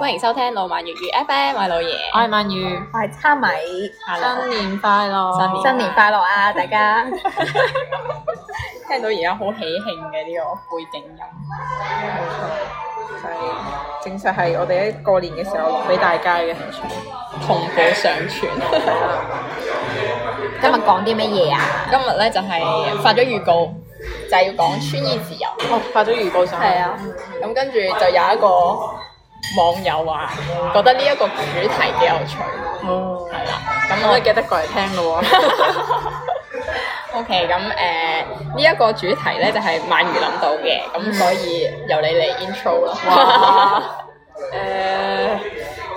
歡迎收聽 hora、啊《浪漫粵語》FM，我係老爺，我係曼如，我係叉米，新年快樂，新年快樂啊，大家！ 聽到而家好喜慶嘅呢個背景音， 冇錯，係正式係我哋喺過年嘅時候錄俾大家嘅同步上傳。今日講啲乜嘢啊？ 今日咧就係發咗預告，就係、是、要講穿衣自由。 哦，發咗預告上嚟，係啊，咁跟住就有一個。網友話覺得呢一個主題幾有趣，係啦、嗯，咁我都記得過嚟聽咯喎。OK，咁誒呢一個主題咧就係萬如諗到嘅，咁所以由你嚟 intro 啦。誒哇。 呃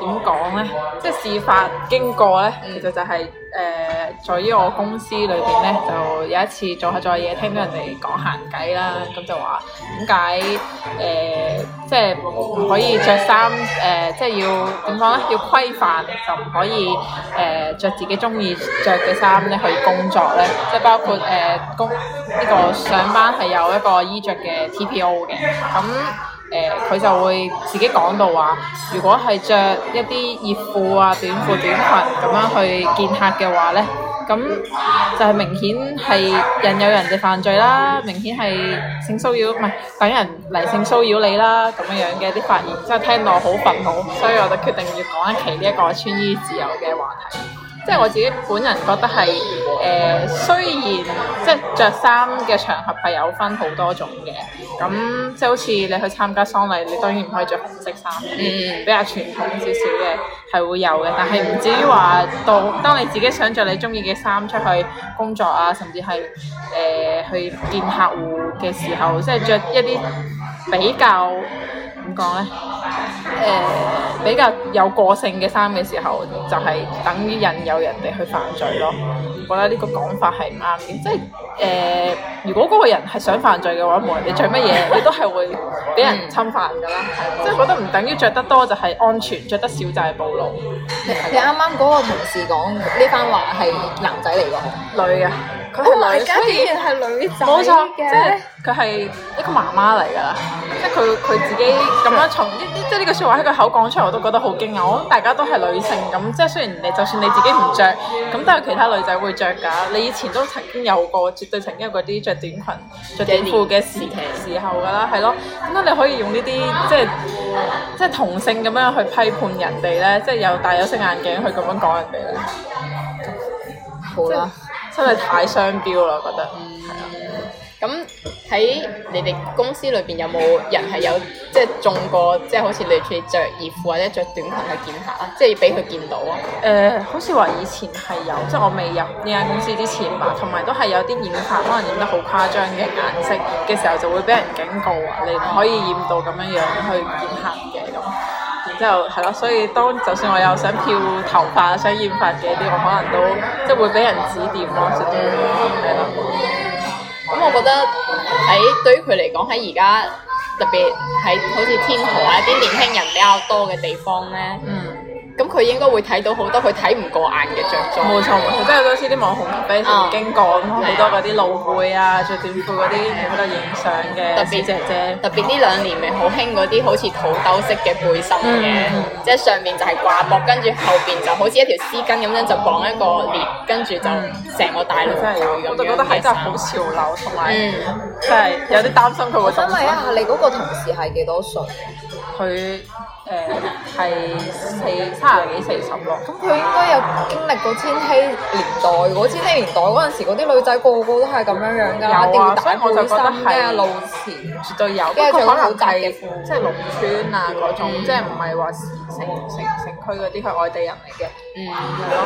點講呢？即係事發經過呢，其實就係、是、誒、呃，在於我公司裏邊呢，就有一次做下做嘢，聽到人哋講閒偈啦，咁就話「點解誒，即係唔可以着衫誒，即係要點講呢？要規範就唔可以誒，著、呃、自己中意着嘅衫呢去工作呢？」即係包括誒、呃、工呢、呢個上班係有一個衣着嘅 TPO 嘅咁。佢、呃、就會自己講到話，如果係着一啲熱褲啊、短褲、短裙咁樣去見客嘅話呢，咁就係明顯係引誘人哋犯罪啦，明顯係性騷擾，唔係等人嚟性騷擾你啦，咁樣樣嘅啲發言，即、就、係、是、聽落好憤怒，所以我就決定要講一期呢一個穿衣自由嘅話題。即係我自己本人覺得係誒、呃，雖然即係著衫嘅場合係有分好多種嘅，咁即係好似你去參加喪禮，你當然唔可以着紅色衫，嗯，比較傳統少少嘅係會有嘅，但係唔至於話到當你自己想着你中意嘅衫出去工作啊，甚至係誒、呃、去見客戶嘅時候，即係著一啲比較點講呢？誒，比較有個性嘅衫嘅時候，就係、是、等於引誘人哋去犯罪咯。我覺得呢個講法係唔啱嘅，即係誒，如果嗰個人係想犯罪嘅話，無論你着乜嘢， 你都係會俾人侵犯噶啦。即係、 嗯、覺得唔等於着得多就係、是、安全，着得少就係暴露。你啱啱嗰個同事講呢番話係男仔嚟㗎？女嘅。佢係女，雖然係女仔冇錯，即係，佢係、就是、一個媽媽嚟噶啦。即係佢佢自己咁樣從呢啲，即係呢個説話喺佢口講出嚟，我都覺得好驚訝。我諗大家都係女性咁，即係雖然你就算你自己唔着，咁都、啊、有其他女仔會着㗎。啊、你以前都曾經有過，絕對曾經有嗰啲着短裙、着短褲嘅時時候㗎啦，係咯。點解你可以用呢啲即係即係同性咁樣去批判人哋咧？即係又戴有色眼鏡去咁樣講人哋咧？嗯、好啦吧。真係太雙標啦，我覺得係、嗯、啊！咁喺你哋公司裏邊有冇人係有即係、就是、中過，即、就、係、是、好類似你哋着熱褲或者着短裙去檢查啊？即係俾佢見到啊！誒、呃，好似話以前係有，即係我未入呢間公司之前吧，同埋都係有啲染髮可能染得好誇張嘅顏色嘅時候，就會俾人警告啊！你唔可以染到咁樣樣去檢查。之後係咯，所以當就算我有想漂頭髮、想染髮嘅啲，我可能都即係會俾人指點咯，sort of，係咯。咁我覺得喺對於佢嚟講，喺而家特別喺好似天河啊啲年輕人比較多嘅地方咧。咁佢應該會睇到好多佢睇唔過眼嘅着裝，冇錯冇錯，即係好似啲網紅，比曾經講好多嗰啲露背啊、著短褲啲喺度影相嘅，特別姐姐，特別呢兩年咪好興嗰啲好似肚兜式嘅背心嘅，即係上面就係掛脖，跟住後邊就好似一條絲巾咁樣就綁一個鏈，跟住就成個大露背咁，我就覺得係真係好潮流，同埋真係有啲擔心佢會因為啊，你嗰個同事係幾多歲？佢。誒，係四三三十幾四十咯，咁佢應該有經歷過千禧年代。如果千禧年代嗰陣時，嗰啲女仔個個都係咁樣樣噶，點打半身咩露臍，絕對有。跟住可能係即係農村啊嗰種，即係唔係話城城城區嗰啲，係外地人嚟嘅。嗯，係咯。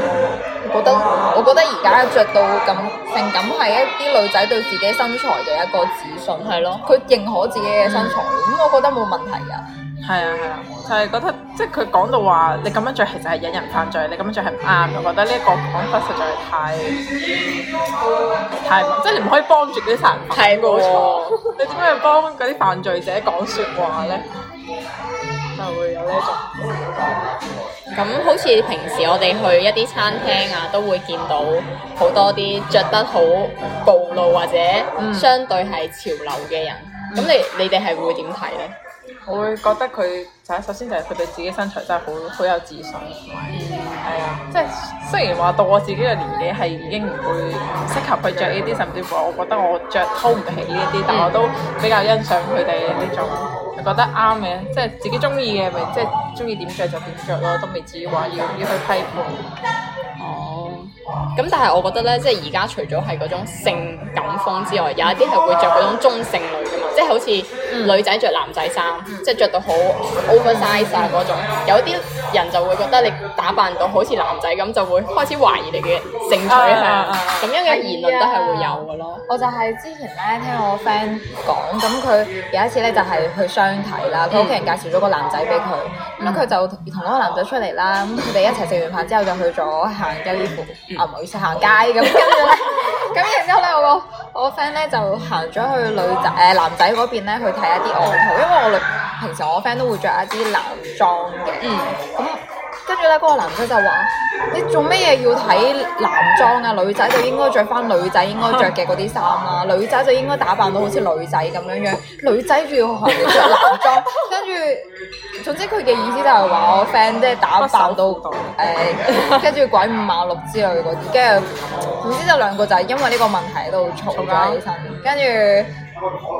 我覺得，我覺得而家着到咁性感，係一啲女仔對自己身材嘅一個自信。係咯，佢認可自己嘅身材，咁我覺得冇問題噶。係啊係啊，就係、是、覺得即係佢講到話你咁樣着其實係引人犯罪，你咁樣着係唔啱。我覺得呢個講法實在係太太，太即係你唔可以幫住啲犯。係冇錯， 你做咩幫嗰啲犯罪者講説話咧？就會有呢種。咁、嗯、好似平時我哋去一啲餐廳啊，都會見到好多啲着得好暴露或者相對係潮流嘅人。咁、嗯、你你哋係會點睇咧？我會覺得佢就係首先就係佢哋自己身材真係好好有自信，係、嗯、啊，即係雖然話到我自己嘅年紀係已經唔會唔適合去着呢啲，甚至乎我覺得我着 hold 唔起呢啲，但我都比較欣賞佢哋呢種覺得啱嘅，即係自己中意嘅咪即係中意點着就點着咯，都未至於話要要去批評。咁但係我覺得咧，即係而家除咗係嗰種性感風之外，有一啲係會着嗰種中性女噶嘛，即係好似女仔着男仔衫，嗯、即係着到好 oversize 啊嗰種，有啲人就會覺得你打扮到好似男仔咁，就會開始懷疑你嘅性取向，咁、哎、呀樣嘅言論都係會有噶咯、啊。我就係之前咧聽我 friend 講，咁佢有一次咧就係、是、去相睇啦，佢屋企人介紹咗個男仔俾佢，咁佢、嗯、就同嗰個男仔出嚟啦，咁佢哋一齊食完飯之後就去咗行優衣庫。啊！唔好意思，行街咁，跟住咧，咁然之後咧， 我個我個 friend 咧就行咗去女仔誒、呃、男仔嗰邊咧去睇一啲外套，因為我哋平時我 friend 都會着一啲男裝嘅、 嗯，嗯，咁。跟住咧，嗰個男仔就話：你做咩嘢要睇男裝啊？女仔就應該着翻女仔應該着嘅嗰啲衫啦，女仔就應該打扮到好似女仔咁樣樣，女仔仲要學人哋着男裝。跟住， 總之佢嘅意思就係話我 friend 即係打扮到誒，跟住、 呃、鬼五馬六之類嗰啲。跟住，總之就兩個就係因為呢個問題喺度嘈咗起身。跟住。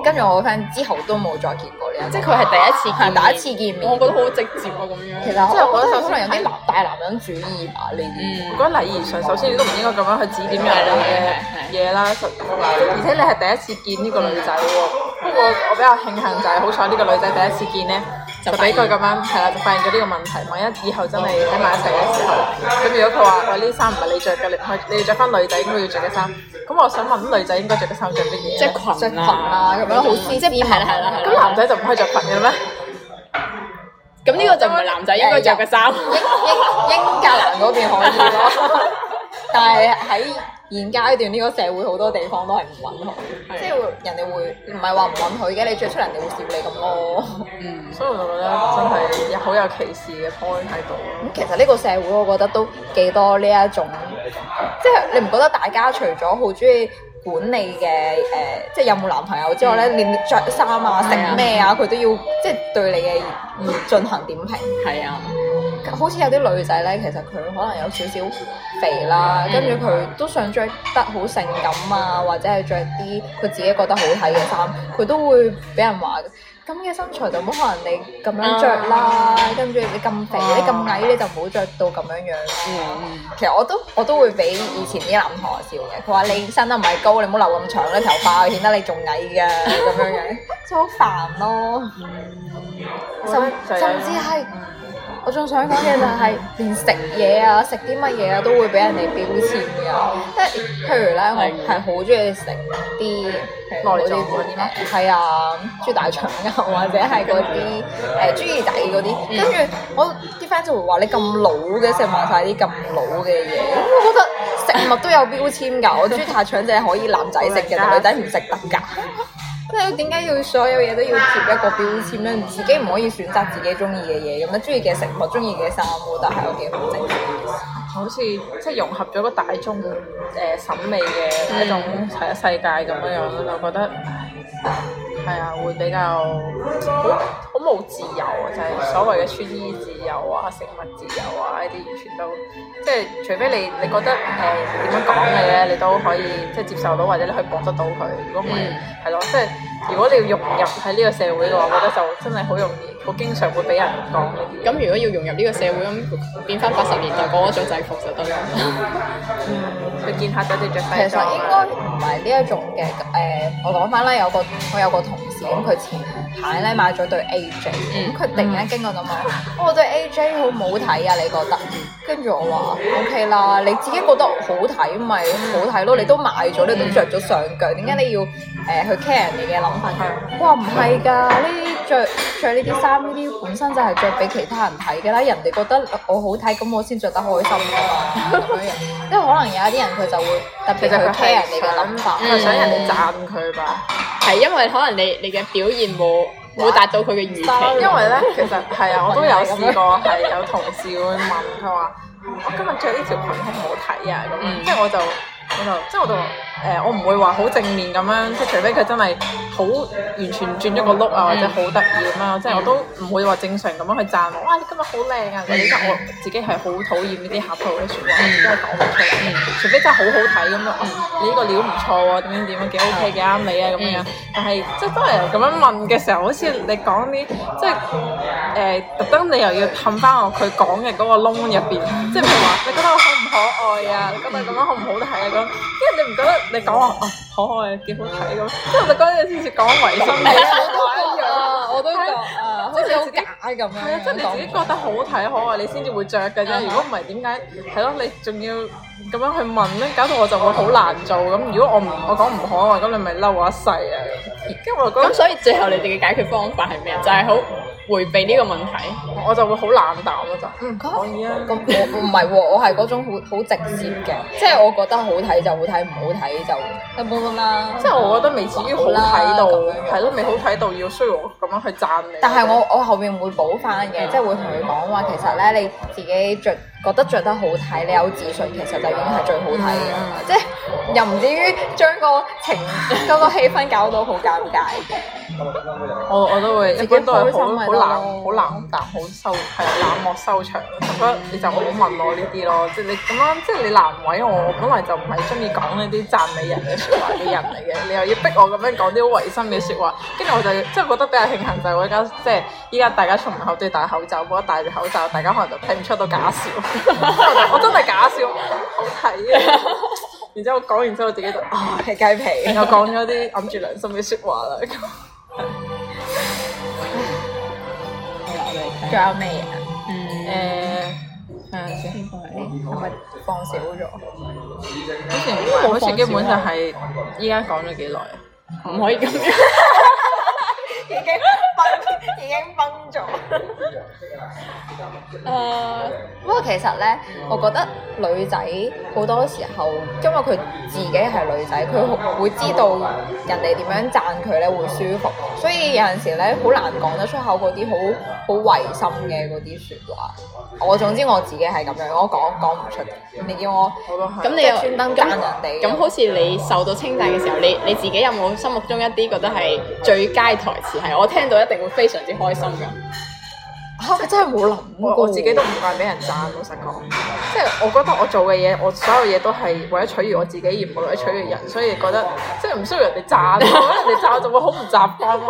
跟住我個 friend 之後都冇再見過你，即係佢係第一次，係第一次見面，我覺得好直接啊咁樣，其實即係可能有啲男大男人主義吧，你，我覺得禮儀上首先你都唔應該咁樣去指點人哋嘅嘢啦，而且你係第一次見呢個女仔喎，不過我比較慶幸就係好彩呢個女仔第一次見呢，就俾佢咁樣，係啦，就發現咗呢個問題，萬一以後真係喺埋一齊嘅時候，咁如果佢話喂，呢衫唔係你着嘅，你你要着翻女仔應該要着嘅衫。咁我想問，女仔應該著嘅衫著乜嘢？即係裙、C C、啦，咁樣好先。係啦係啦係啦。咁男仔就唔可以著裙嘅咩？咁呢 個就唔係男仔應該著嘅衫。英英格蘭嗰邊可以咯， 但係喺，現階段呢個社會好多地方都係唔允許，的即係人哋會唔係話唔允許嘅，你着出嚟，人哋會笑你咁咯。嗯，所以我覺得真係有好有歧視嘅 point 喺度。咁、嗯、其實呢個社會我覺得都幾多呢一種，即係你唔覺得大家除咗好中意管你嘅誒、呃，即係有冇男朋友之外咧，連着衫啊、食咩啊，佢的都要即係對你嘅進行點評係啊。好似有啲女仔咧，其實佢可能有少少肥啦，跟住佢都想着得好性感啊，或者係着啲佢自己覺得好睇嘅衫，佢都會俾人話：咁嘅身材就冇可能你咁樣着啦，跟住、啊、你咁肥、啊，你咁矮你就唔好着到咁樣樣。其實我都我都會俾以前啲男同學笑嘅，佢話你生得唔係高，你唔好留咁長嘅頭髮，顯得你仲矮嘅，咁樣樣，就好煩咯。甚甚至係。嗯我仲想講嘅就係連食嘢啊，食啲乜嘢啊都會俾人哋標籤㗎，即係譬如咧，我係好中意食啲，係啊，豬大腸啊，或者係嗰啲誒豬耳底嗰啲，跟住我啲 friend 就會話你咁老嘅食埋晒啲咁老嘅嘢，我覺得食物都有標籤㗎，我豬大腸就係可以男仔食嘅，但女仔唔食得㗎。 即係點解要所有嘢都要貼一個標籤咧？自己唔可以選擇自己中意嘅嘢、咁樣中意嘅食物、中意嘅衫，但係我幾好正？好似即係融合咗個大眾誒、呃、審美嘅一種世界咁樣咯，就的覺得係啊，會比較。好冇自由，啊，就係、是、所謂嘅穿衣自由啊、食物自由啊呢啲，完全都即係除非你你覺得誒點樣講嘅咧，你都可以即係接受到，或者你可以講得到佢。如果唔係，係咯、嗯，即係如果你要融入喺呢個社會嘅話，我覺得就真係好容易，好經常會俾人講呢啲。咁、嗯、如果要融入呢個社會，咁、嗯、變翻八十年代嗰種制服就得啦。一 嗯，你見黑仔哋著西裝其實應該唔係呢一種嘅誒、呃，我講翻啦，有個我有個同。咁佢、嗯、前排咧買咗對 AJ，咁、嗯、佢、嗯嗯、突然間經過咁問：我對 AJ 好唔好睇啊？你覺得？跟住我話 ：OK 啦，你自己覺得好睇咪好睇咯，你都買咗，你都着咗上腳，點解你要誒、呃、去 care 人哋嘅諗法？佢話唔係㗎，呢啲著著呢啲衫，呢啲本身就係着俾其他人睇㗎啦，人哋覺得我好睇，咁我先着得開心㗎嘛。因為可能有一啲人佢就會。但其實佢聽人哋嘅諗法，佢想人哋讚佢吧、嗯？係因為可能你你嘅表現冇冇哇達到佢嘅預期。因為咧，其實係啊， 我都有試過係 有同事會問佢話：嗯、我今日着呢條裙係唔好睇啊！咁、嗯，即係我就。我就即係我就誒，我唔會話好正面咁樣，即係、呃、除非佢真係好完全轉咗個轆啊，或者好得意咁樣，即係、嗯、我都唔會話正常咁樣去讚我，哇，你今日好靚啊！即係我自己係好討厭呢啲客套嘅說話，即係講唔出，佢，除非真係好好睇咁樣，哦、你呢個料唔錯喎、啊，點樣點樣幾 OK，幾啱你啊咁樣樣，但係即係當人咁樣問嘅時候，好似你講啲即係誒、呃，特登你又要氹翻我佢講嘅嗰個窿入邊，即係譬如話你覺得我好唔可愛啊？你覺得咁樣好唔好睇啊？嗯因為你唔覺得你講話 啊可愛幾好睇咁， 因為我就覺得你先至講衛生嘅，啊， 我都一樣，我都覺啊，好似好假咁樣。係啊，即 係你自己覺得好睇可, 可愛，你先至會着嘅啫。如果唔係，點解係咯？你仲要咁樣去問咧，搞到我就會好難做咁。如果我唔我講唔可愛，咁你咪嬲我一世啊！咁所以我咁所以最後你哋嘅解決方法係咩？就係、是、好。回避呢個問題，哇我就會好冷淡咯就。嗯謝，可以啊。咁 我唔係喎，我係嗰、啊、種好好直接嘅，即係 我覺得好睇就好睇，唔好睇就一般般啦。即係 我覺得未至於好睇到，係咯，未好睇到要需要咁樣去讚你。但係我我後面會補翻嘅，即係 會同佢講話，其實咧你自己著，覺得着得好睇，你有自信，其實就已經係最好睇嘅。Mm hmm. 即係又唔至於將個情嗰 個氣氛搞到好尷尬。 我我都會一般都係好冷好冷淡，好收係冷漠收場。唔該、嗯，你就唔好問我呢啲咯。即係你咁樣，即係你難為我。我本來就唔係中意講呢啲讚美人嘅説話嘅人嚟嘅， 你又要逼我咁樣講啲好違心嘅説話，跟住我就即係覺得比較慶幸就係我而家即係依家大家出門口都要戴口罩，我戴住口，口，口罩，大家可能就睇唔出到假笑。 我真係假笑，好睇啊！然之後講完之後，自己就啊係、哎、雞皮，又講咗啲揞住良心嘅說話啦。仲 有咩嘢啊？誒、嗯，係、呃、啊，先講誒，係咪放少咗？我 好似好似基本上係，依家講咗幾耐啊？唔可以咁樣，而家 已經崩咗。誒，不過其實咧，我覺得女仔好多時候，因為佢自己係女仔，佢會知道人哋點樣讚佢咧會舒服，所以有陣時咧好難講得出口嗰啲好好違心嘅嗰啲說話。我總之我自己係咁樣，我講講唔出。你叫我咁你又專登讚算那人哋？咁那有好似你受到稱讚嘅時候，你你自己有冇心目中一啲覺得係最佳台詞？係我聽到一定會飛。非常之開心噶，吓！佢真係冇諗過，我自己都唔慣俾人讚。老實講，即係我覺得我做嘅嘢，我所有嘢都係為咗取悅我自己，而唔為咗取悅人，所以覺得即係唔需要人哋讚。我覺得人哋讚就會好唔習慣咯。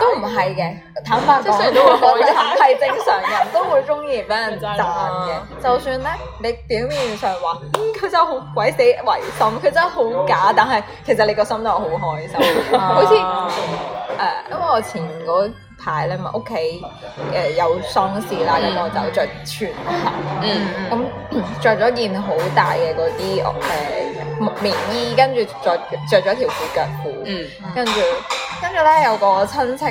都唔係嘅，坦白講，即係雖然你話講，係正常人都會中意俾人讚嘅。就算咧，你表面上話，佢真係好鬼死違心，佢真係好假，但係其實你個心都係好開心。好似誒，因為我前嗰牌咧嘛，屋企誒有喪事啦，咁我就着全鞋，咁着咗件好大嘅嗰啲誒棉衣，跟住再著咗條短腳褲、mm hmm.，跟住跟住咧有個親戚。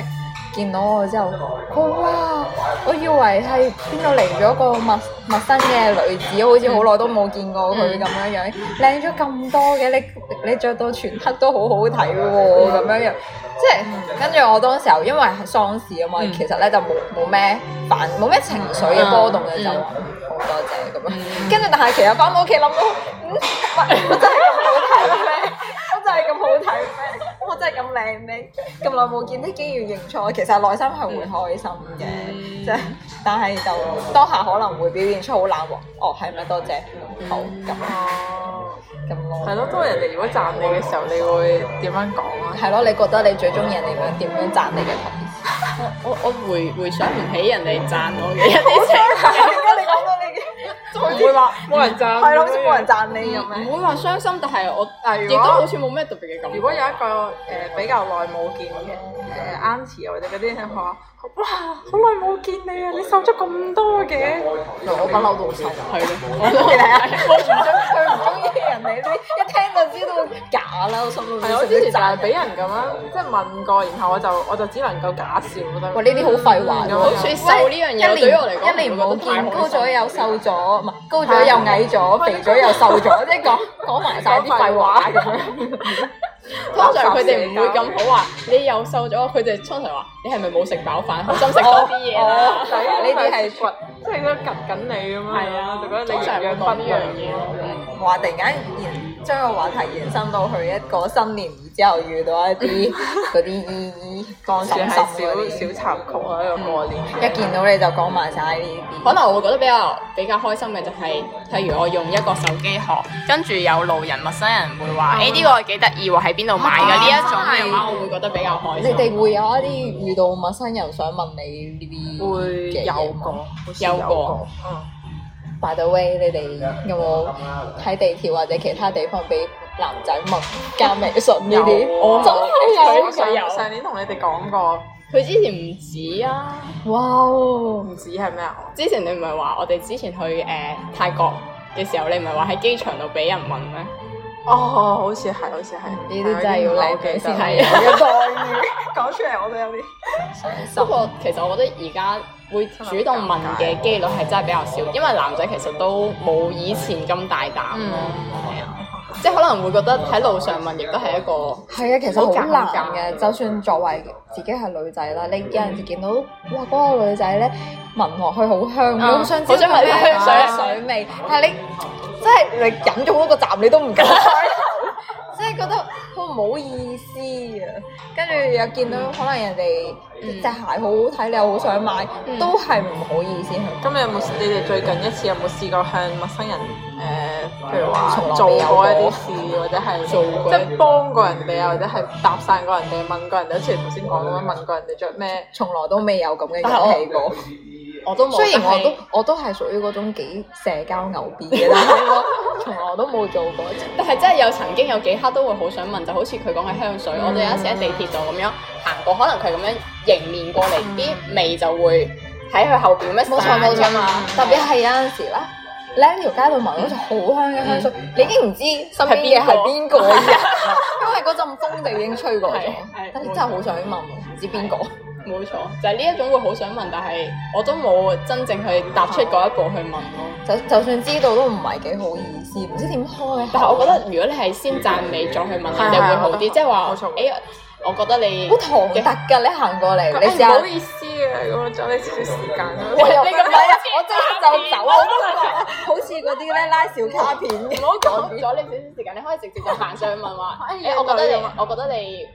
見到我之後，喔、哇！我以為係邊度嚟咗個陌陌生嘅女子，好似好耐都冇見過佢咁樣樣，靚咗咁多嘅，so、people，你你著到全黑都好好睇喎，咁樣樣，即係跟住我當時候因為喪事啊嘛，嗯、其實咧就冇冇咩煩，冇咩情緒嘅波動嘅就好多謝咁樣。跟住但係其實翻到屋企諗到，嗯，我 真係咁好睇咩？我真係咁好睇咩？て Así finite 真係咁靚咩？咁耐冇見，啲經要認錯，其實內心係會開心嘅，即係、嗯， 但係就當下可能會表現出好冷喎。哦，係咪多謝？好咁啊，咁咯。係咯，當人哋如果贊你嘅時候，你會點樣講啊？係咯，你覺得你最中意人哋點樣贊你嘅台 我我回回想唔起人哋贊我嘅一啲情況 是。 你講過，你嘅。唔會話冇人贊，係咯、嗯，好似冇人贊你咁。唔會話傷心，但係我，但亦、啊、都好似冇咩特別嘅感覺。如果有一個誒、呃、比較耐冇見嘅誒 aunty 或者嗰啲，嗬。哇！好耐冇見你啊，你瘦咗咁多嘅，我不嬲都好瘦，係咯，我都未睇我仲想佢唔中意人哋。咧，一聽就知道假啦，我心諗。係，我之前就係俾人咁樣，即係問過，然後我就我就只能夠假笑得。喂，呢啲好廢話㗎，最瘦呢樣嘢，一年唔好見，高咗又瘦咗，唔係高咗又矮咗，肥咗又瘦咗，即係講講埋晒啲廢話。通常佢哋唔會咁好話，你又瘦咗，佢哋、啊、通常話、嗯、你係咪冇食飽飯，好 心食多啲嘢啦？呢啲係急，即係都急緊你咁樣？係啊，就覺得你成日講呢樣嘢。我話、啊、突然間。將個話題延伸到去一個新年，然之後遇到一啲嗰啲依依放心心嗰啲小插曲喺個過年。一見到你就講埋晒呢啲，可能我會覺得比較比較開心嘅就係，譬如我用一個手機殼，跟住有路人陌生人會話，哎，呢個幾得意喎，喺邊度買㗎？呢一種嘅話，我會覺得比較開心。你哋會有一啲遇到陌生人想問你呢啲？會有過，有過，嗯。By the way，你哋有冇喺地鐵或者其他地方俾男仔問加微信呢啲？我有，佢有。上年同你哋講過，佢之前唔止啊！哇，唔止係咩啊？之前你唔係話我哋之前去誒泰國嘅時候，你唔係話喺機場度俾人問咩？哦，好似係，好似係。呢啲真係要留意，先係。講出嚟我都有啲，不過其實我覺得而家。.會主動問嘅幾率係真係比較少，因為男仔其實都冇以前咁大膽咯，係啊，即係可能會覺得喺路上問亦都係一個係啊，其實好難嘅。就算作為自己係女仔啦，你有陣時見到哇嗰個女仔咧聞落去好香，好想，好想聞香水味，但係你即係你飲咗好多個站，你都唔敢。即係覺得好唔好意思啊！跟住又見到可能人哋隻鞋好好睇，你又好想買，都係唔好意思。咁你、嗯、有冇？你哋最近一次有冇試過向陌生人誒、呃，譬如話做過一啲事，或者係即係幫過人哋，或者係搭訕過人哋，問過人哋，好似頭先講咁樣，問過人哋著咩，從來都未有咁嘅勇氣過。嗯 我都冇。雖然我都我都係屬於嗰種幾社交牛逼嘅啦，從來都冇做過。但係真係有曾經有幾刻都會好想問，就好似佢講嘅香水，我哋有陣時喺地鐵度咁樣行過，可能佢咁樣迎面過嚟，啲味就會喺佢後邊咩？冇錯冇錯啊！特別係有陣時咧，你喺條街度聞到陣好香嘅香水，你已經唔知身邊嘅係邊個，因為嗰陣風已經吹過咗，真係好想問，唔知邊個。冇錯，就係呢一種會好想問，但係我都冇真正去踏出嗰一步去問咯，嗯。就就算知道都唔係幾好意思，唔知點開。但係我覺得如果你係先讚美 再去問，你、嗯、會好啲，嗯嗯嗯、即係話誒。我覺得你好唐突㗎，你行過嚟，你唔好意思啊，咁樣，阻你少少時間。喂，唔係啊，我即刻就走啊，我不能坐。好似嗰啲咧拉小卡片，唔好講阻你少少時間，你可以直接就行上去問話。哎呀，我覺得你，我覺得你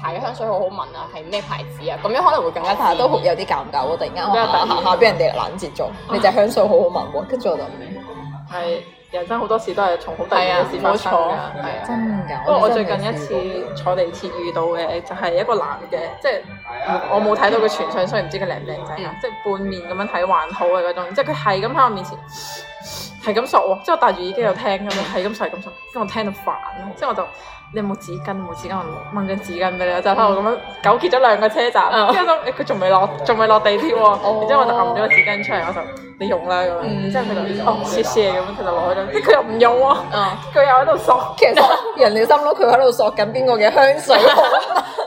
搽嘅香水好好聞啊，係咩牌子啊？咁樣可能會更加，但係都有啲尷尬。我突然間下下下俾人哋攔截咗，你隻香水好好聞喎，跟住我就係。人、啊、生好多事都係從好突然嘅事發生噶，真㗎。不過我最近一次坐地鐵遇到嘅就係一個男嘅，即係我冇睇到佢全相，所以唔知佢靚唔靚仔，即係 半面咁樣睇還好嘅嗰種。即係佢係咁喺我面前，係咁索喎。即係我戴住耳機就聽咁樣，係咁索，係咁索，我聽到煩啦，即係我就。你冇紙巾？冇紙巾，我掹咗紙巾俾你，就喺度咁樣糾結咗兩個車站，跟住佢仲未落仲未落地鐵喎，然之後我就揞咗個紙巾出嚟，我就你用啦咁，然之後佢就哦謝謝咁樣，佢就落咗。啲佢又唔用喎，佢又喺度索。其實人哋心攞佢喺度索緊邊個嘅香水啊？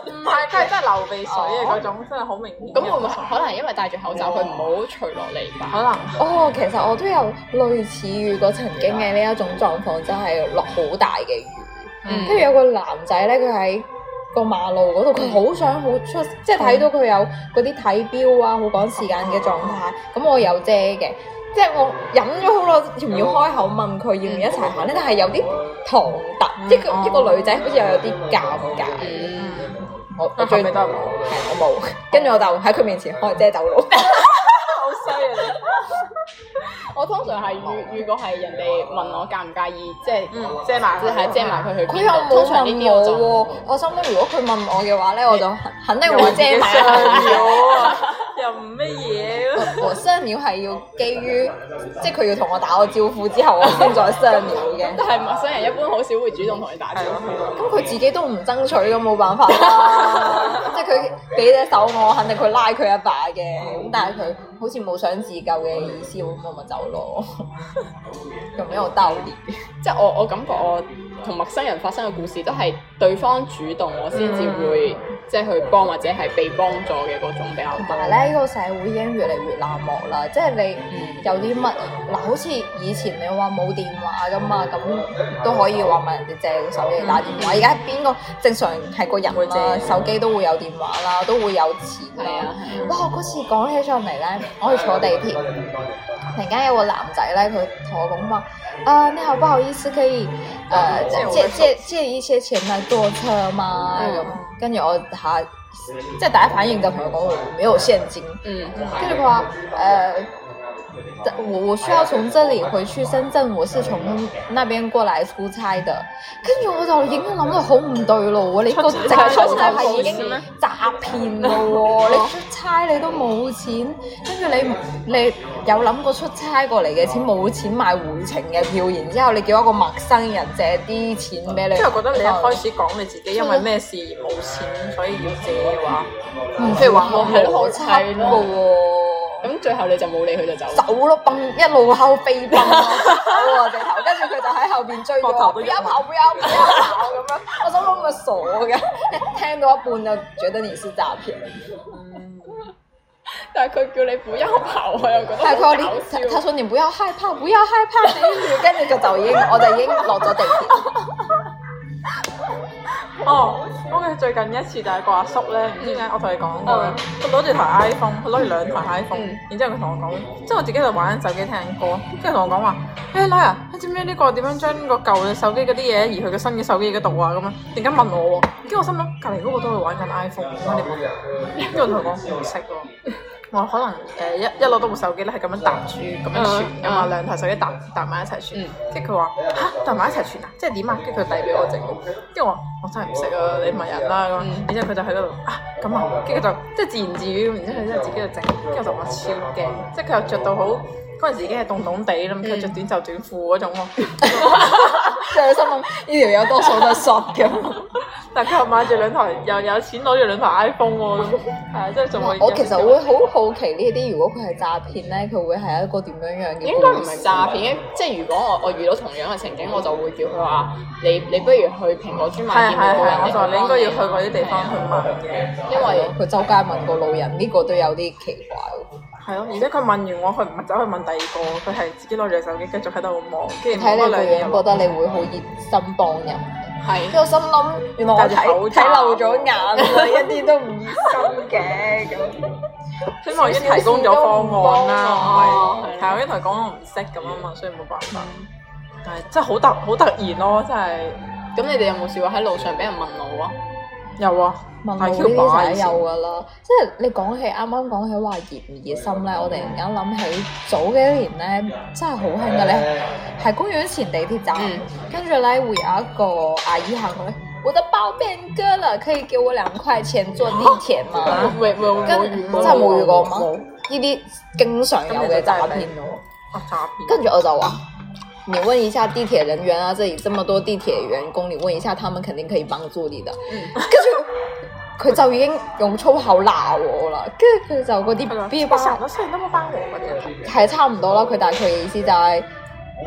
唔係，佢係真係流鼻水嘅嗰種，真係好明顯。咁會唔會可能因為戴住口罩佢唔好除落嚟吧？可能哦，其實我都有類似遇過曾經嘅呢一種狀況，就係落好大嘅雨。跟住、嗯、有個男仔咧，佢喺個馬路嗰度，佢好想好出，即係睇到佢有嗰啲睇表啊，好趕時間嘅狀態。咁、嗯、我有遮嘅，即係我忍咗好耐，要唔要開口問佢要唔要一齊行呢？但係有啲唐突，即係、嗯嗯、一,一個女仔好似又有啲尷尬。我最尾 我冇，跟住我就喺佢面前開遮走路，好犀啊！我通常係如如果係人哋問我介唔介意，即係遮埋，即係遮埋佢去。佢、嗯、又冇問我，我心諗如果佢問我嘅話咧，我就肯定會遮埋咗， 又唔乜嘢。和和相聊係要基於，即係佢要同我打個招呼之後，我先再相聊嘅。但係陌生人一般好少會主動同你打招呼，咁佢、嗯嗯 嗯 嗯、自己都唔爭取，咁冇辦法啦。 即係佢俾隻手我，肯定佢拉佢一把嘅。咁但係佢。好似冇想自救嘅意思，嗯、我咪走咯，咁 樣 我兜啲。即我我感覺我同陌生人發生嘅故事，都係對方主動，我先至會。嗯即係去幫或者係被幫助嘅嗰種比較。同埋咧，呢個社會已經越嚟越冷漠啦。即係你有啲乜嗱，好似以前你話冇電話㗎嘛，咁都可以話問人哋借個手機打電話。但係而家邊個正常係個人啦，手機都會有電話啦，都會有錢嘅。不過嗰次講起上嚟咧，我係坐地鐵，突然間有個男仔咧，佢同我講話：，誒，你好不好意思，可以誒借借借一些錢嚟坐車嘛？跟住我即係第一反牌應嘅朋友講，我沒有現金，跟住佢話，誒、嗯。邊我我需要從這裏回去深圳，我是從那邊過來出差的。跟住我就已經諗到好唔對路。你呢個直情係已經詐騙噶你出差你都冇錢，跟住你你有諗過出差過嚟嘅錢冇錢買回程嘅票，然之後你叫一個陌生人借啲錢俾你，即係覺得你一開始講你自己因為咩事冇錢，所以要借嘅話，即係話我係好差嘅咁最後你就冇理佢就走，走咯，蹦一路後飛奔，走啊地頭，跟住佢就喺後邊追住我跑， 不要跑，不要，不要跑，咁樣，我想講佢傻嘅、啊， 聽到一半就，覺得你 是詐騙。但係佢叫你不要跑我又覺得，佢， 係佢，佢， 佢話你不要害怕，不要害怕，跟住佢就已經，我哋已經落咗地。 哦，我嘅、oh, okay. 最近一次就係個阿叔咧，唔、mm hmm. 知點解我同你講過，佢攞住台 iPhone，佢攞住兩台 iPhone，、mm hmm. 然之後佢同我講，即係我自己就玩緊手機聽緊歌，跟住同我講話，誒，嗱，你知唔知呢個點樣將個舊嘅手機嗰啲嘢移去個新嘅手機嘅度啊？咁樣，突然間問我？跟住我心諗，隔籬嗰個都會玩緊 iPhone，你冇跟住我同佢講唔識喎。 我可能誒、呃、一一攞到部手機咧，係咁樣搭住咁樣傳啊嘛，兩台手機搭搭埋一齊傳，即係佢話嚇搭埋一齊傳啊，即係點啊？跟住佢遞俾我整，跟住我我真係唔識啊。你唔係人啦、啊、咁、嗯啊啊。然之後佢就喺度啊咁啊，跟住就即係自言自語，然之後之後自己就整，跟住我就話超驚，即係佢又着到好嗰陣時已經係凍凍地啦，佢、嗯、着短袖短褲嗰種喎，即係我心諗呢條友多數都係 shot 嘅。但佢又買住兩台、啊，又、嗯、有錢攞住兩台 iPhone 喎，咁係啊，即係仲會。我其實會好好奇呢啲，如果佢係詐騙咧，佢會係一個點樣樣嘅？應該唔係詐騙，即係如果我我遇到同樣嘅情景，我就會叫佢話：說你你不如去蘋果專賣店嘅老人。我就你，你應該要去嗰啲地方去問，的因為佢周街問個路人，呢、呢個都有啲奇怪。係咯，而且佢問完我，佢唔係走去問第二個，佢係自己攞住手機繼續喺度望。既然睇呢個樣，覺得你會好熱心幫人。係對，我心諗原來睇睇漏咗眼啦，一啲直 都唔熱心嘅咁。 少少希望已經提供咗方案啦，係，係我一頭講我唔識咁啊嘛，所以冇辦法。嗯、但係真係好突好突然咯、啊，真係。咁你哋有冇試過喺路上俾人問路啊？有啊，問路呢啲成有噶啦，即係是你講起啱啱講起話熱唔熱心咧，吧我哋突然間諗起早幾年咧，真係好興嘅咧，係你、嗯、公園前地鐵站，跟住咧會有一個阿姨行過 我的包變攰啦，可以叫我兩塊錢坐地鐵嗎？未真係冇遇過，冇呢啲經常有嘅詐騙咯，詐騙。跟住我就話。你問一下地鐵人員啊，這裏這麼多地鐵員工，你問一下，他們肯定可以幫助你的。跟住，佢就已經用粗口鬧我啦。跟住佢就嗰啲，比如係差唔多啦，佢大概意思就係、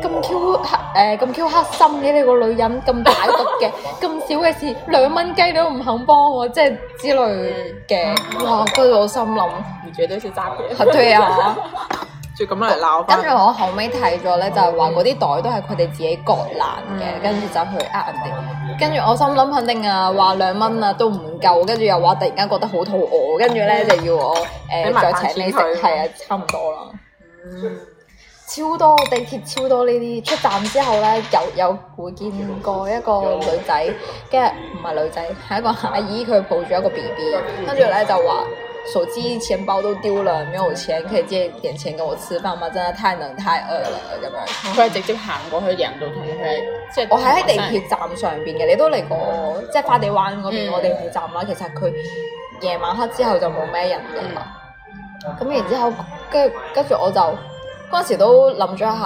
是、咁 Q 黑、呃、誒，咁 Q 黑心嘅呢個女人，咁大毒嘅，咁少嘅事，兩蚊雞都唔肯幫我，即係之類嘅。哇，跟住我心諗，你絕對是詐騙啊。對啊。就咁嚟鬧，跟住我後尾睇咗咧，就係話嗰啲袋都係佢哋自己割爛嘅，跟住就去呃人哋。跟住我心諗肯定啊，話兩蚊啊都唔夠，跟住又話突然間覺得好肚餓，跟住咧就要我誒、呃、再請你食，係啊，差唔多啦。嗯，超多，地鐵超多呢啲出站之後咧，又有會見過一個女仔，跟住唔係女仔，係一個阿姨，佢抱住一個 BB，跟住咧就話。手機錢包都丟了，沒有錢，可以借點錢給我吃飯嘛，真的太能太餓了，要不佢係直接行過去人道天橋，嗯、 我係喺地鐵站上邊嘅，嗯、你都嚟過、嗯、即係花地灣嗰邊、嗯、我哋去站啦。其實佢夜晚黑之後就冇咩人噶啦。咁、嗯、然之後跟跟住我就嗰時都諗咗一下，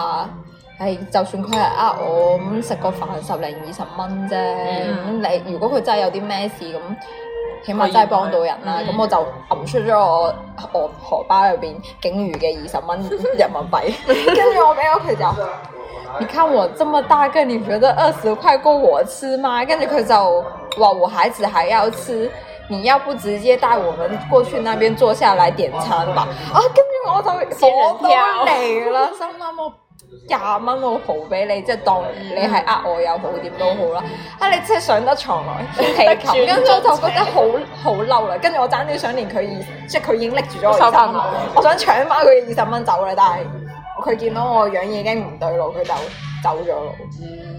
係、哎、就算佢係呃我咁食個飯十零二十蚊啫，咁你、嗯嗯、如果佢真係有啲咩事咁。起碼再係幫到人啦、啊，咁、嗯嗯、我就揞出咗我荷包入邊僅餘嘅二十蚊人民幣，跟住我俾咗佢就，你看我這麼大個，你覺得二十塊夠我吃嗎？跟住佢就，話，我孩子還要吃，你要不直接帶我們過去那邊坐下來點餐吧？啊，跟住我就，我都嚟啦，心諗我。廿蚊我豪俾你，即係當你係呃我又好，點都好啦。啊，你即係上得床來，得球， 跟住我就覺得好好嬲啦。跟住我爭啲想連佢，二，即係佢已經拎住咗我手，我想搶翻佢二十蚊走啦。但係佢見到我樣嘢已經唔對路，佢就走咗咯。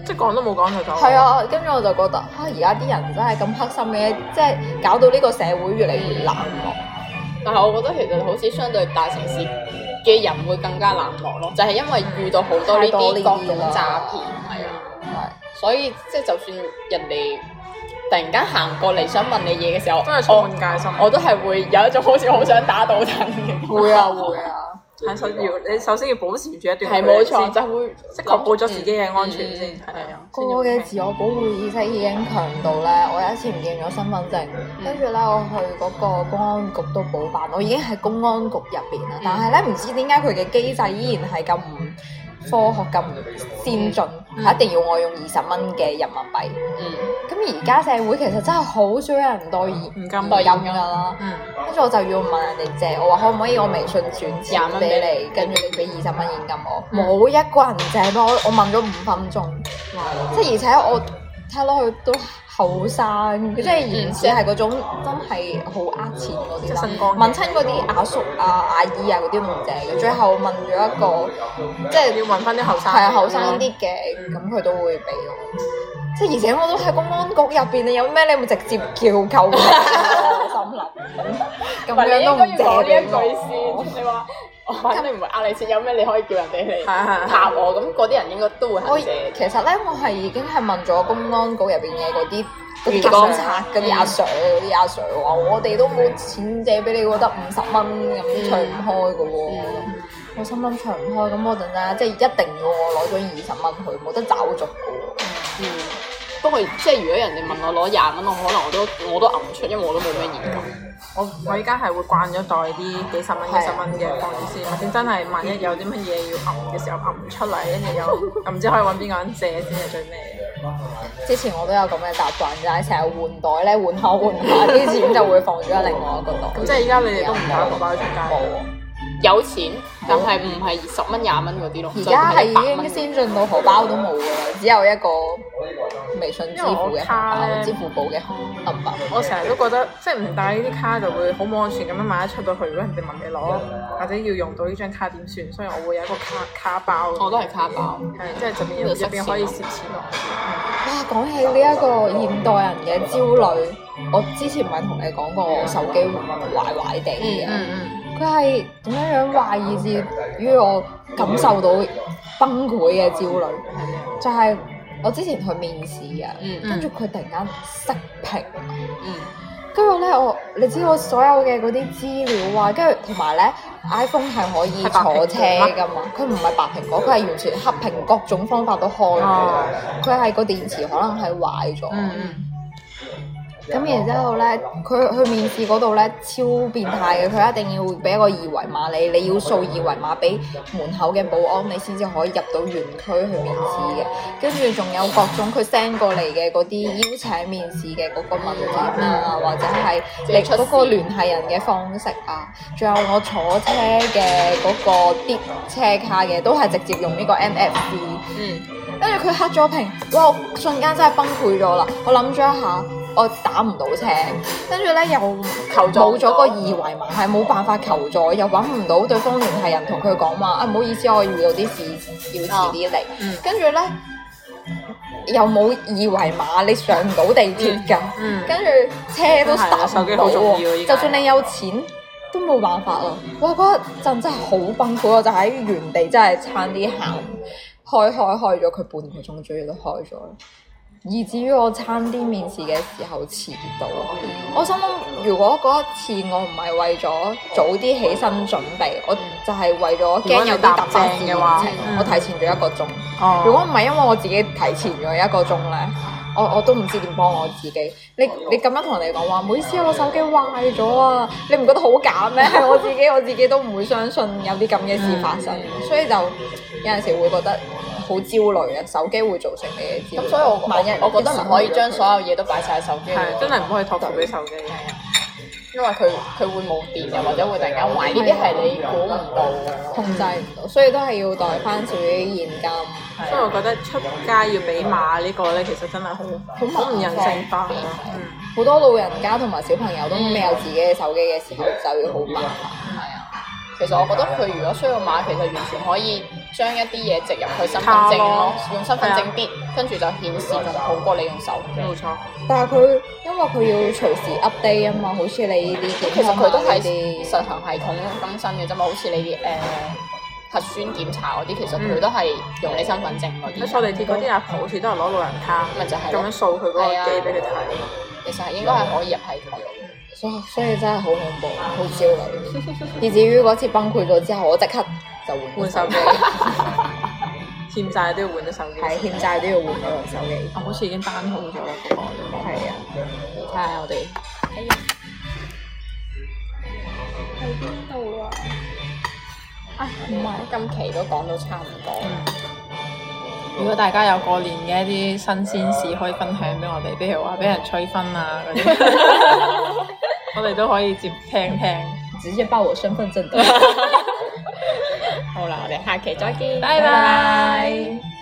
即係講都冇講就走。係 啊，跟住我就覺得，吓，而家啲人真係咁黑心嘅？即係搞到呢個社會越嚟越冷漠、嗯。但係我覺得其實好似相對大城市嘅人會更加冷漠咯，就係、是、因為遇到好多呢啲各種詐騙，係啊，係、啊，啊、所以即係、就是、就算人哋突然間行過嚟想問你嘢嘅時候，我係唔介心，我，啊、我都係會有一種好似好想打倒佢嘅、嗯 啊，會啊會啊。 首先要，你首先要保持住一段距離先，就會即係確保咗自己嘅安全先。係啊，我嘅自我保護意識已經強到咧，我有一次唔見咗身份證，跟住咧我去嗰個公安局都補辦，我已經喺公安局入邊啦，但係咧唔知點解佢嘅機制依然係咁慢。科學咁先進，係、嗯、一定要我用二十蚊嘅人民幣。嗯，咁而家社會其實真係好少有人多現現金㗎啦。嗯，跟住我就要問人哋借，我話可唔可以我微信轉錢俾你？跟住你俾二十蚊現金我。冇、嗯、一個人借我，我問咗五分鐘，哇即係而且我睇落、嗯、去都。後生，即係而且係嗰種、嗯、真係好呃錢嗰啲，問親嗰啲阿叔啊、阿姨啊嗰啲都唔借嘅，最後問咗一個，嗯、即係你要問翻啲後生，係啊後生啲嘅，咁佢、嗯、都會俾我。即係而且我都喺公安局入邊，你有咩你唔直接叫救火心靈，咁 樣都唔借先。你話。 我肯定唔會呃你錢，有咩你可以叫人俾你。拍我，咁嗰啲人應該都會肯借。其實咧，我係已經係問咗公安局入邊嘅嗰啲警察，嗰啲阿 Sir。啲阿 Sir 話我哋都冇錢借俾你，我得五十蚊咁，唱唔開嘅喎。我心諗唱唔開，咁嗰陣咧，即係一定要我攞咗二十蚊去，冇得找續嘅喎。 不過即係如果人哋問我攞廿蚊，我可能我都我都揞唔出，因為我都冇咩現金。我我依家係會慣咗袋啲幾十蚊、二十蚊嘅，先先，或者真係萬一有啲乜嘢要揞嘅時候揞唔出嚟，跟住又唔知可以搵邊個人借先係最咩。之前我都有咁嘅習慣，就係成日換袋咧，換口、換下啲錢就會放咗喺另外一個袋。咁 即係依家你哋都唔帶個包出街。有錢，但係唔係十蚊廿蚊嗰啲咯。而家係已經先進到荷包都冇噶啦，只有一個微信支付嘅卡，支付寶嘅。白。我成日都覺得，即係唔帶呢啲卡就會好唔安全咁樣買得出到去。如果人哋問你攞，或者要用到呢張卡點算，所以我會有一個卡卡包。我都係卡包，係即係入邊可以蝕錢落。哇，講起呢一個現代人嘅焦慮，我之前唔係同你講過我手機壞壞地嘅。佢係點樣樣壞以至於我感受到崩潰嘅焦慮，就係、是、我之前去面試啊，跟住佢突然間熄屏，跟住咧我你知道我所有嘅嗰啲資料啊，跟住同埋咧 iPhone 係可以坐車㗎嘛，佢唔係白蘋果，佢係完全黑屏，各種方法都開，佢係、啊、個電池可能係壞咗。嗯咁然之後咧，佢去面試嗰度咧超變態嘅，佢一定要俾一個二維碼你，你要掃二維碼俾門口嘅保安，你先至可以入到園區去面試嘅。跟住仲有各種佢 send 過嚟嘅嗰啲邀請面試嘅嗰個文件啊，或者係列出嗰個聯繫人嘅方式啊，仲有我坐車嘅嗰個啲車卡嘅，都係直接用呢個 M F B。嗯。跟住佢黑咗屏，哇！瞬間真係崩潰咗啦！我諗咗一下。我打唔到車，跟住咧又求助冇咗個二維碼，係冇辦法求助，又揾唔到對方聯繫人同佢講話。嗯、啊，唔好意思，我遇到啲事，要遲啲嚟。跟住、啊嗯、呢、嗯嗯、又冇二維碼，你上唔到地鐵㗎。跟住、嗯嗯、車都搭唔到喎。就算你有錢都冇辦法啊，嗯那個！我嗰陣真係好崩潰，我就喺原地真係撐啲喊，開開開咗佢半個鐘，終於都開咗。以至於我差啲面試嘅時候遲到，嗯、我心諗，如果嗰一次我唔係為咗早啲起身準備，嗯、我就係為咗驚有啲突發事情，我提前咗一個鐘。嗯、如果唔係因為我自己提前咗一個鐘呢，我我都唔知點幫我自己。你你咁樣同人哋講話，唔好意思我手機壞咗啊，你唔覺得好假咩？ 我自己我自己都唔會相信有啲咁嘅事發生，嗯、所以就有陣時會覺得。好焦慮嘅，手機會造成你嘅焦慮。咁所以我，萬一我覺得唔可以將所有嘢都擺曬手機，真係唔可以託靠啲手機，因為佢佢會冇電又或者會突然間壞。呢啲係你估唔到、控制唔到，所以都係要帶翻少少現金。所以我覺得出街要俾碼呢個咧，其實真係好好唔人性化。嗯，好多老人家同埋小朋友都冇自己嘅手機嘅時候，就要好煩。係啊，其實我覺得佢如果需要買，其實完全可以。將一啲嘢植入去身份證咯，用身份證啲，跟住就顯示仲好過你用手。冇錯，但係佢因為佢要隨時 update 啊嘛，好似你呢啲。其實佢都係實行系統更新嘅啫嘛，好似你誒核酸檢查嗰啲，其實佢都係用你身份證嗰啲。坐地鐵嗰啲阿婆，好似都係攞老人卡，咪就咁樣掃佢嗰個機俾你睇。其實係應該係可以入喺度，所以所以真係好恐怖，好焦慮。以至於嗰次崩潰咗之後，我即刻。換手機，欠債都要換咗手機，係欠債都要換咗手機。好似已經單好咗，係啊，睇下我哋喺邊度啊！哎，唔係、啊，今期都講到差唔多。如果大家有過年嘅一啲新鮮事，可以分享俾我哋，比如話俾人吹分啊啲， 我哋都可以接。聽聽直接包我身份證得。 好啦，我哋下期再見，拜拜。